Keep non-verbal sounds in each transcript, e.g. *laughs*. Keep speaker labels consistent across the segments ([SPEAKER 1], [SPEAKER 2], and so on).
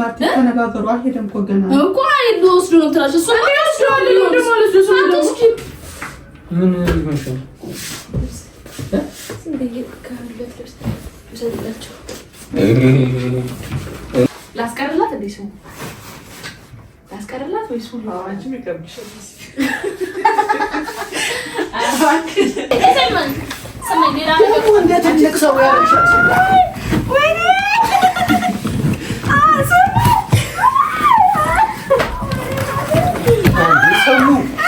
[SPEAKER 1] ማርቲ ተነጋገሩ። አልሄደም እኮ ገና
[SPEAKER 2] እኮ አይሉ ነው ትራሽ እሱ ነው
[SPEAKER 3] ምን ይመስል
[SPEAKER 2] ላስቀርላት እንዴ? ሰው ላስቀርላት ወይስ ሁሉ
[SPEAKER 1] አዋጅም ይቀብሻል።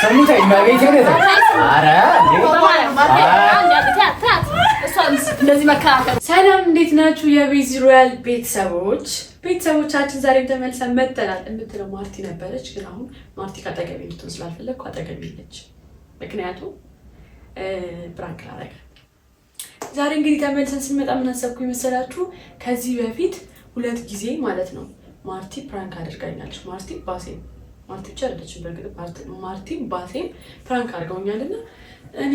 [SPEAKER 1] ሰላም እንዴት ናችሁ? የቤዚ ሮያል ቤተሰቦች ቤተሰቦቻችን ዛሬም ተመልሰን መተናል። የምትለው ማርቲ ነበረች፣ ግን አሁን ማርቲ ከአጠገቤ እንድትሆን ስላልፈለግኩ አጠገቤ ነች። ምክንያቱም ብራንክ ላደርጋት ዛሬ እንግዲህ ተመልሰን ስንመጣ ምን አሰብኩኝ መሰላችሁ? ከዚህ በፊት ሁለት ጊዜ ማለት ነው ማርቲ ፕራንክ አድርጋኛለች። ማርቲ ባሴ ማርቲ ብቻ አይደለችም። በእርግጥ ማርቲም ባቴም ፕራንክ አድርገውኛል እና እኔ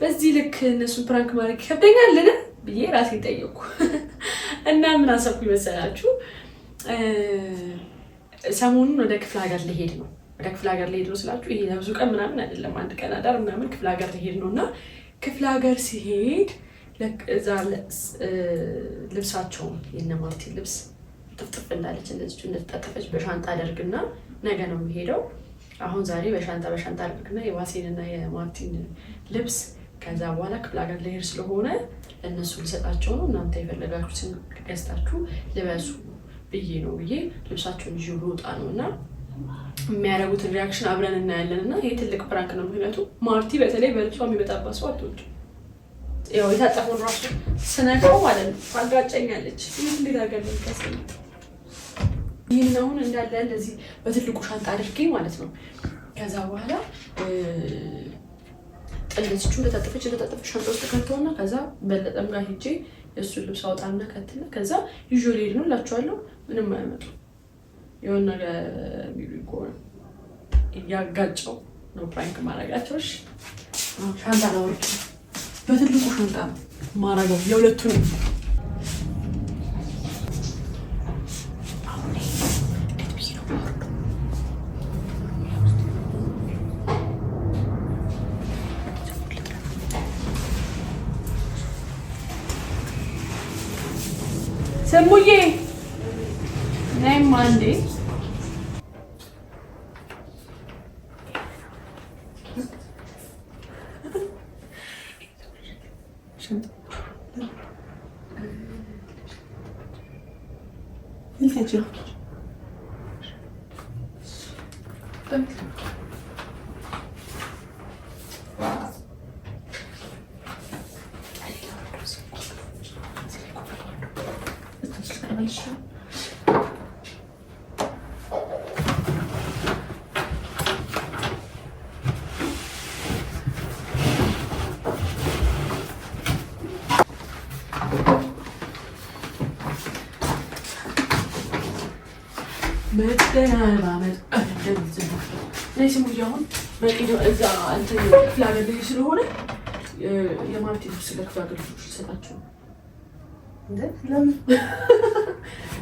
[SPEAKER 1] በዚህ ልክ እነሱን ፕራንክ ማድረግ ይከብደኛልን ብዬ ራሴ ጠየኩ *laughs* እና ምን አሰብኩ ይመሰላችሁ? ሰሞኑን ወደ ክፍለ ሀገር ልሄድ ነው። ወደ ክፍለ ሀገር ልሄድ ነው ስላችሁ ይሄ ለብዙ ቀን ምናምን አይደለም፣ አንድ ቀን አዳር ምናምን ክፍለ ሀገር ልሄድ ነው እና ክፍለ ሀገር ሲሄድ እዛ ልብሳቸውን የነ ልብስ ጥፍጥፍ እንዳለች እንደዚች እንደተጣጠፈች በሻንጣ አደርግና ነገ ነው የሚሄደው። አሁን ዛሬ በሻንጣ በሻንጣ አድርግና የዋሴን እና የማርቲን ልብስ ከዛ በኋላ ክፍለ ሀገር ልሄድ ስለሆነ እነሱ ሊሰጣቸው ነው እናንተ የፈለጋችሁትን ገዝታችሁ ልበሱ ብዬ ነው ብዬ ልብሳቸውን ይዤ ልወጣ ነው እና የሚያደርጉትን ሪያክሽን አብረን እናያለን። እና ይህ ትልቅ ፕራንክ ነው። ምክንያቱም ማርቲ በተለይ በልብሷ የሚመጣባት ሰው ያው የታጠፈውን ራሱ ስነካው ማለት ነው አጋጨኛለች። ይህ እንዴት አገር ነው ይህን አሁን እንዳለ እንደዚህ በትልቁ ሻንጣ አድርጌ ማለት ነው። ከዛ በኋላ ቀለችቹ እንደታጠፈች እንደታጠፈች ሻንጣ ውስጥ ከተውና ከዛ በለጠም ጋር ሄጄ የእሱ ልብስ አውጣና ከትና ከዛ ይዞ ልሄድ ነው እላቸዋለሁ። ምንም አያመጡ የሆነ ቢሉ ከሆነ እያጋጨው ነው ፕራንክ ማረጋቸው። ሻንጣ ነው በትልቁ ሻንጣ ማረገው የሁለቱን ስሙዬ ነይማ እንዴ arkadaşlar. እኔ ስለሆነ የማርቴ ስለ ክፍለ አገልግሎት ይሰጣቸው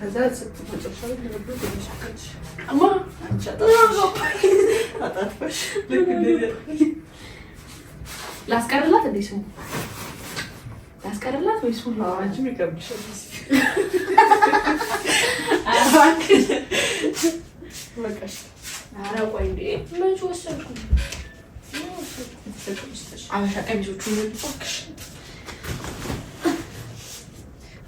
[SPEAKER 1] ከዛ
[SPEAKER 2] ላስቀርላት እንዴ ስሙ ላስቀርላት ወይ ስሙ
[SPEAKER 1] አንቺም ይከብድሻል።
[SPEAKER 2] አበሻ ቀሚሶቹ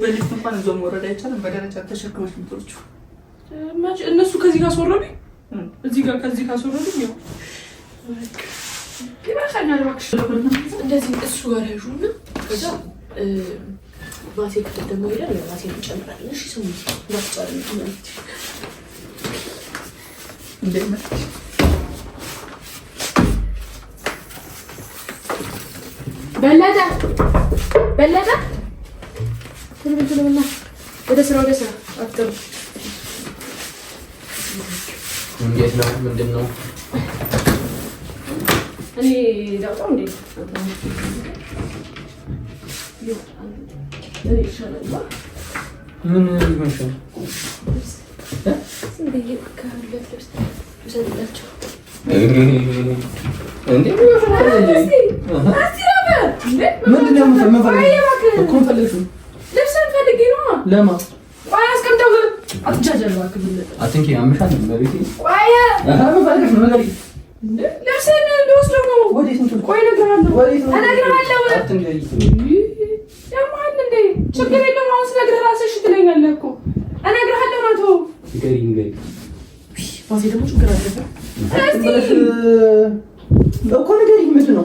[SPEAKER 1] በሊፍት እንኳን እዞ መውረድ አይቻልም። በደረጃ ተሸክመሽ ምትሮቹ እነሱ ከዚህ ካስወረዱኝ እዚህ ጋር ከዚህ ካስወረዱኝ ያው ይባሳኛል። እባክሽ እንደዚህ እሱ ጋር ያዡና ከዛ ባሴ ክፍል ደግሞ ይላል ባሴ እንጨምራለን። እሺ ሰሙ እንዳትጫለ እንዴት መጣሽ? በለጠ በለጠ ወደ ስራ ወደ ስራ አፍጥሩ።
[SPEAKER 3] እንዴት ነው? ምንድን ነው?
[SPEAKER 1] እኔ ዳውጣው እንዴት
[SPEAKER 3] ምን
[SPEAKER 2] ይመስላል?
[SPEAKER 3] ምንድን ነው የምፈልገው? ልብስህን እኮ ንገሪኝ። ምንድን ነው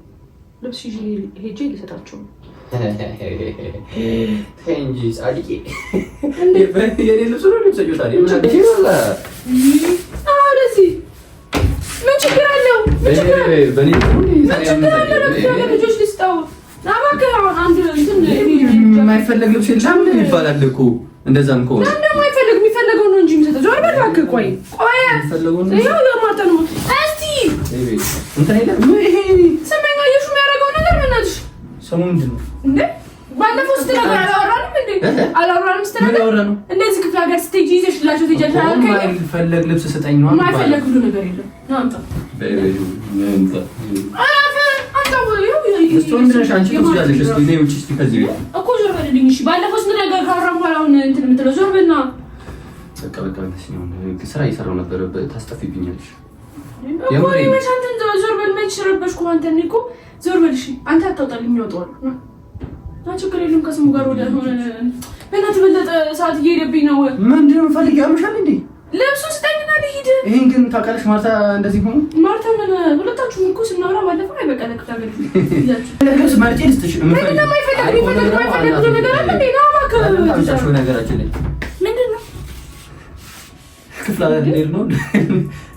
[SPEAKER 2] ልብስ ይዤ ሄጄ ልሰጣቸው ነው
[SPEAKER 3] ጻድቄ ልብስ ነው
[SPEAKER 2] ምን ችግር አለው? ልጆች ልስጠው
[SPEAKER 3] የማይፈለግ ልብስ የለም ይባላል እኮ እንደዛም ከሆነ
[SPEAKER 2] የሚፈለገው ነው እንጂ የሚሰጠው ቆይ
[SPEAKER 3] ቆይ ሰሞኑን ምንድን ነው
[SPEAKER 2] እንዴ? ባለፈው ስትል ነገር አላወራንም እንዴ? አላወራንም ስትል እንደዚህ ክፍለ ሀገር ስትሄጂ ይዘሽላቸው
[SPEAKER 3] ትሄጃለሽ። የማይፈለግ ልብስ ስጠኝ ነው
[SPEAKER 2] የማይፈለግ ሁሉ ነገር የለም። አምጣ ዞር በልና
[SPEAKER 3] ስራ እየሰራሁ ነበረ። ታስጠፊብኛለሽ
[SPEAKER 2] ዞር በል መች ረበሽኩ። አንተ እኔ እኮ ዞር በል እሺ። አንተ አታውጣልኝ የሚወጣው አሉ ችግር የለም። ከስሙ ጋር ወደ በእናትህ በለጠ ሰዓት እየሄደብኝ ነው።
[SPEAKER 3] ምንድን ነው የምፈልገው? ያምሻል እንዴ
[SPEAKER 2] ልብሱ ስጠኝና ልሂድ።
[SPEAKER 3] ይህን ግን ታውቃለሽ ማርታ እንደዚህ ሆኖ
[SPEAKER 2] ማርታ ምን ሁለታችሁም እኮ ስናወራ ባለፈው አይበቀለቅታ ገ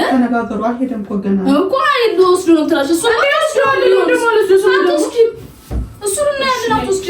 [SPEAKER 1] ተነጋገሩ። አልሄደም እኮ ገና
[SPEAKER 2] እኮ አይደል ወስዶ ነው ትላለች እሷ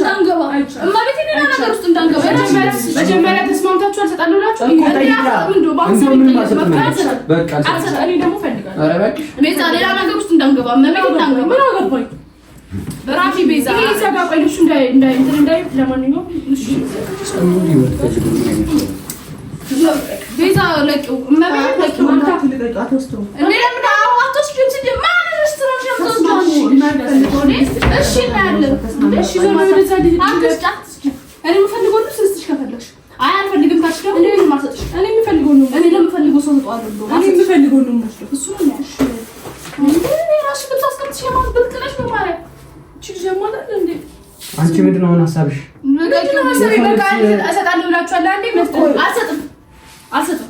[SPEAKER 2] እንዳንገባ እማቤት ሌላ ነገር ውስጥ እንዳንገባ መጀመሪያ ተስማምታችሁ አልሰጣለሁ
[SPEAKER 3] ብላችሁ
[SPEAKER 2] አልሰጣኔ ደግሞ ፈልጋለሁ ሌላ ነገር ውስጥ እንዳንገባ እመቤት እንዳንገባ አገባኝ ራፊ ቤዛ ይሰጋቆይልሽ እንዳይንትን እንዳይ ለማንኛውም ቤዛ ለቂው እመቤት ለቂው ሌላ ምን አቶ ስጅም ስጅም ማን ስትሮች ነው
[SPEAKER 3] አንቺ ምንድን ነው ሀሳብሽ?
[SPEAKER 2] አልሰጥም አልሰጥም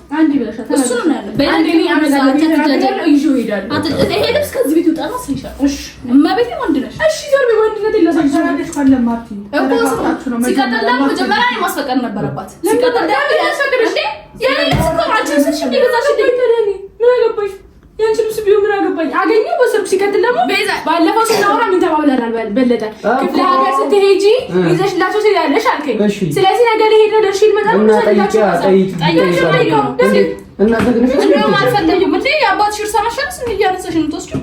[SPEAKER 2] ሲቀጥል ደግሞ መጀመሪያ እኔ ማስፈቀድ ነበረባት። ሲቀጥል ደግሞ የአንቺ ልብስ ቢሆን ምን አገባኝ? አገኘሁ በሰርግ። ሲቀጥል ደግሞ ባለፈው ስናወራ ምን ተባብለናል? በለጠ ክፍለ ሀገር ስትሄጂ ይዘሽላቸው ትሄዳለሽ አልከኝ። ስለዚህ ነገ ልሄድ ነው ደርሼ
[SPEAKER 3] እመጣለሁ እና ጠይቂያ አልፈለግም።
[SPEAKER 2] አባትሽ እርሳ ማሻለስ እያነሳሽ ነው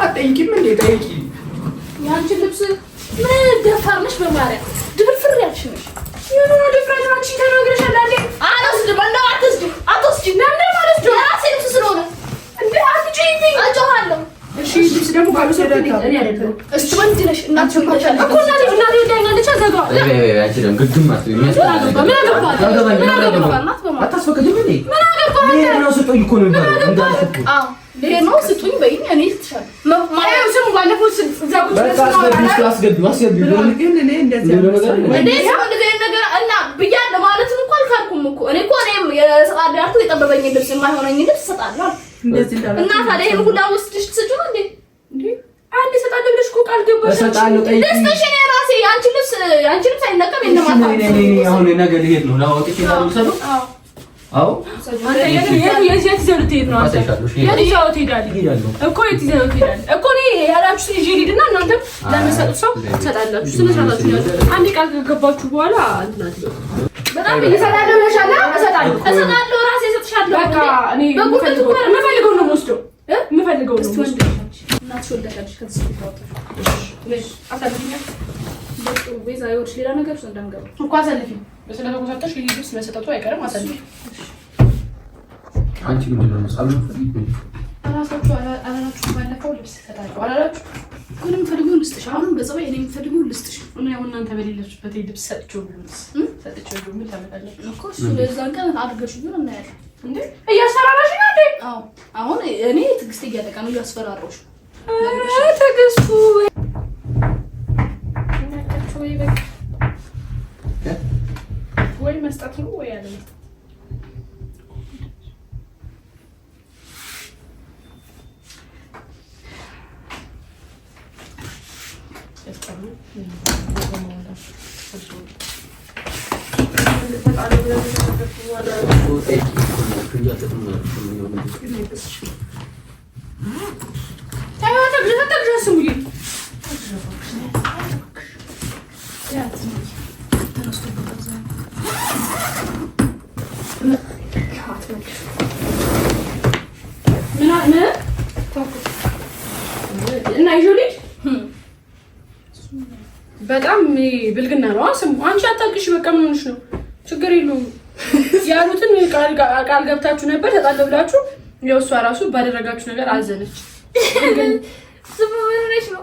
[SPEAKER 3] አጠይቂም እንዴ? ጠይቂ።
[SPEAKER 2] የአንቺን ልብስ ምን ደፋር ነሽ? በማርያም ድፍርፍር ያልሽ ነሽ። የሆነ ድፍረት አንቺ ተናግረሻል። አንዴ አልወስድም፣ እንደው አትወስጂም፣ አትወስጂም። ለምን አልወስጂም? የራሴ ልብስ ስለሆነ እንዴ አትጪኝ፣ እጮሃለሁ እኔ አይደለም ብያለሁ ማለት እኮ አልካልኩም እኮ እኔ እኮ እኔም የጠበበኝ ልብስ የማይሆነኝ ልብስ እሰጣለሁ እና ታዲያ ይሄን ሁላ ወስድሽ ትስጩ እንዴ? አንድ እሰጣለሁ ብለሽ እኮ ቃል ገባሽ። ደስተሽ እኔ ራሴ አንቺ ልብስ አንቺ ልብስ አይነቀም
[SPEAKER 3] የለማታ ነገ ልሄድ ነው ላወጥቼ ነው ሰዶ አዎ
[SPEAKER 2] አንድ ቃል ከገባችሁ በኋላ በጣም ሰጥቻለሁ። በቃ እኔ የምፈልገው ነው ወስዶ አንቺ ምንድን ነው አላላችሁ። ባለፈው ልብስ ሰጣችሁ አላላችሁ። ግን የምፈልገው ልስጥሽ። አሁንም በጸባይ እኔ የምፈልገው ልስጥሽ። እኔ አሁን እናንተ በሌለችበት ልብስ ሰጥቼው ብሉት ሰጥቼው ምን ታመጣለህ እኮ እሱ ለዛን ቀን አድርገሽ ቢሆን እናያለን እያስፈራራሽ ነው። አሁን እኔ ትዕግስት እያጠቃ ነው። እያስፈራራሽ ትዕግስቱ እና ይዤው በጣም ብልግና ነው። ስሙ አንቺ አታውቂሽ። በቃ ምን ሆነሽ ነው? ችግር የለውም ያሉትን ቃል ገብታችሁ ነበር ተጣለብላችሁ። የውሷ ራሱ ባደረጋችሁ ነገር አዘነች። ስሙ ምን ሆነሽ ነው?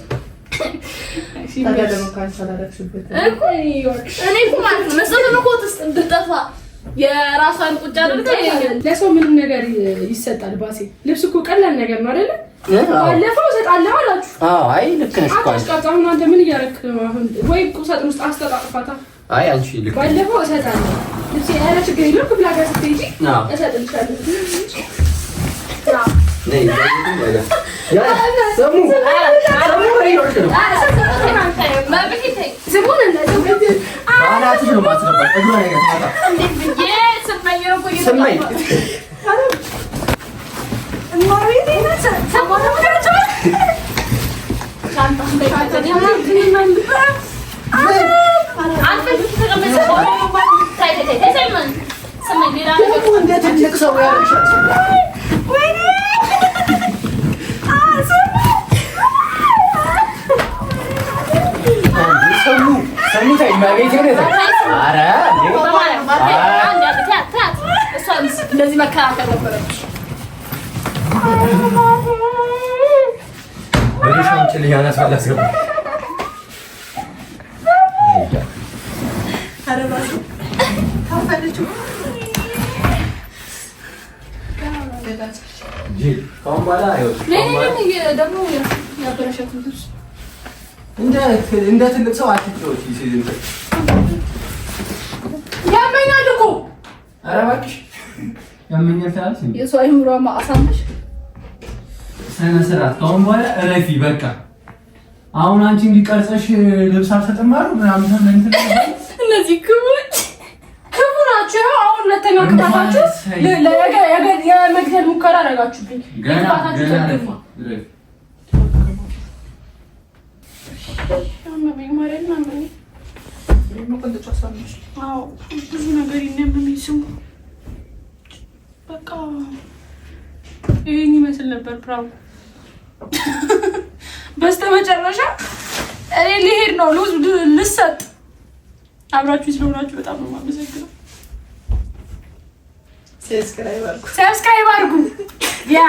[SPEAKER 2] የራሷን ቁጭ አድርጋ ለሰው ምንም ነገር ይሰጣል። ባሴ ልብስ እኮ ቀላል ነገር ነው አይደለ? ባለፈው እሰጣለሁ አላችሁ። አይ ልክ ነሽ አሁን አንተ ምን እያደረክ ነው አሁን? ወይ ቁሳጥን ውስጥ አስተጣጥፋታ። አይ አንቺ ልክ ባለፈው እሰጣለሁ ልብስ ያለ ችግር የለም ክፍለ ሀገር ስትሄጂ እሰጥልሻለሁ። ነይ ነይ ነይ ሰሙ ሰሙ ሰሙ ሰሙ እንደዚህ መከራከር ነበረች። እንደ ትልቅ ሰው አትጫወቺ ኧረ እባክሽ ያመኛል ትላለች። የእሱ እረፊ በቃ። አሁን አንቺ እንዲቀርጸሽ ልብስ አልሰጥም ምናምን እነዚህ ክቡች ክቡ ናቸው። አሁን ሁለተኛ ቅጣታችሁ የመግደል ሙከራ አደረጋችሁብኝ። ብዙ ነገር የሚያመኝ ስሙ በቃ ይህን ይመስል ነበር ፕራው። በስተመጨረሻ እኔ ሊሄድ ነው ልሰጥ። አብራችሁ ስለሆናችሁ በጣም ነው የማመሰግነው። ሰብስክራይብ አድርጉ ያ